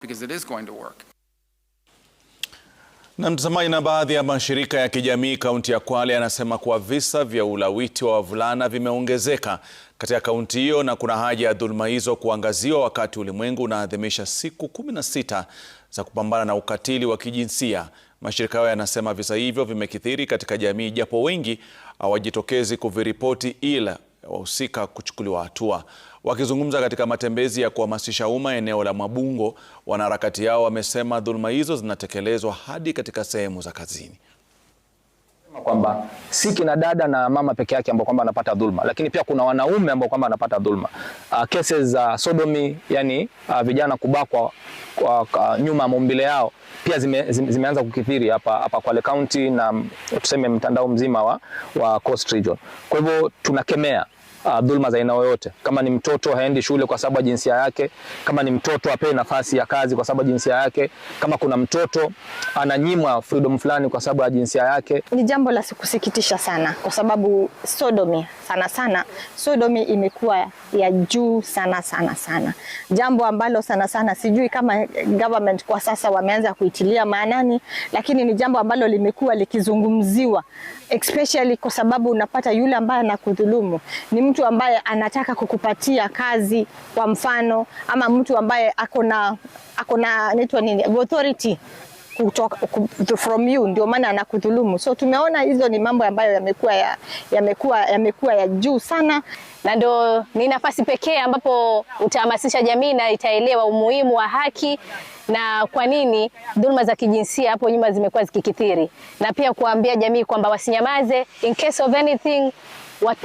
because it is going to work. Na mtazamaji, na baadhi ya mashirika ya kijamii kaunti ya Kwale yanasema kuwa visa vya ulawiti wa wavulana vimeongezeka katika kaunti hiyo na kuna haja ya dhuluma hizo kuangaziwa wakati ulimwengu unaadhimisha siku kumi na sita za kupambana na ukatili wa kijinsia. Mashirika hayo yanasema visa hivyo vimekithiri katika jamii, japo wengi hawajitokezi kuviripoti ila wahusika kuchukuliwa hatua. Wakizungumza katika matembezi ya kuhamasisha umma eneo la Mwabungo, wanaharakati hao wamesema dhuluma hizo zinatekelezwa hadi katika sehemu za kazini kwamba si kina dada na mama peke yake ambao kwamba anapata dhulma, lakini pia kuna wanaume ambao kwamba anapata dhulma. Uh, ah, kesi za uh, sodomi, yani uh, vijana kubakwa kwa, kwa nyuma ya maumbile yao pia zime, zime, zimeanza kukithiri hapa hapa Kwale County na tuseme mtandao mzima wa, wa Coast Region. Kwa hivyo tunakemea uh, dhulma za aina yoyote. Kama ni mtoto haendi shule kwa sababu ya jinsia yake, kama ni mtoto apewe nafasi ya kazi kwa sababu ya jinsia yake, kama kuna mtoto ananyimwa freedom fulani kwa sababu ya jinsia yake, ni jambo la kusikitisha sana, kwa sababu sodomi sana sana, sodomi imekuwa ya juu sana sana sana, jambo ambalo sana sana sijui kama government kwa sasa wameanza kuitilia maanani, lakini ni jambo ambalo limekuwa likizungumziwa especially kwa sababu unapata yule ambaye anakudhulumu ni mtu ambaye anataka kukupatia kazi kwa mfano, ama mtu ambaye akona akona naitwa nini authority kutoka from you, ndio maana anakudhulumu. So tumeona hizo ni mambo ambayo yamekuwa yamekuwa yamekuwa ya, ya juu sana, na ndio ni nafasi pekee ambapo utahamasisha jamii na itaelewa umuhimu wa haki na kwa nini dhuluma za kijinsia hapo nyuma zimekuwa zikikithiri, na pia kuambia jamii kwamba wasinyamaze in case of anything wat...